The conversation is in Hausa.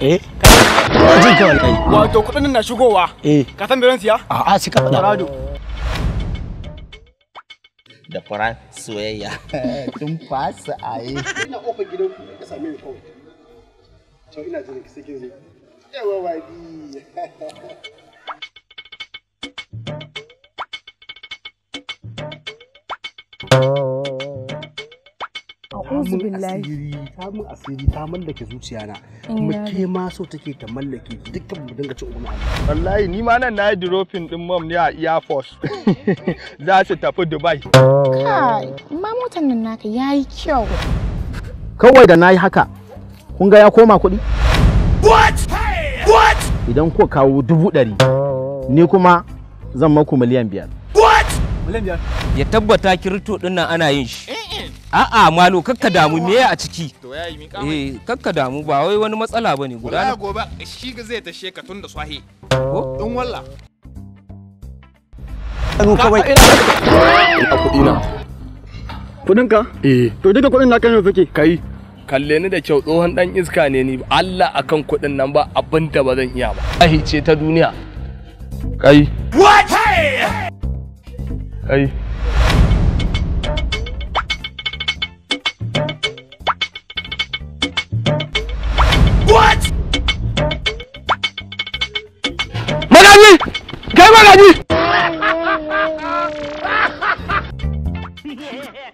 eh jin ka wallahi wato kudin na shigowa eh ka san biran siya a a da soyayya tun fasa ina ka same ni kawai to ina jin ki sai yawa wadi Oh. samun asiri ta mallake zuciya na kuma ke ma so take ta mallake dukkan mu dinga ci uwa wallahi ni ma nan nayi dropping din mom ne a Air Force za su tafi Dubai kai ma motan nan naka yayi kyau kawai da nayi haka kun ga ya koma kuɗi what what idan ko kawo dubu ɗari ni kuma zan maku miliyan biyar what miliyan biyar ya tabbata kirito din nan ana yin shi a'a malo kakka damu me a ciki to yayi mi kama eh kakka damu ba wai wani matsala bane guda na gobe shi ga zai tashe ka tun da swahi ko in walla Ano kawai ina kuɗi na kudin ka eh to duka kuɗin na kan yau fike kai kalle ni da kyau tsohon dan iska ne ni Allah akan kuɗin nan ba abin da ba zan iya ba ai ce ta duniya kai what kai ah allí!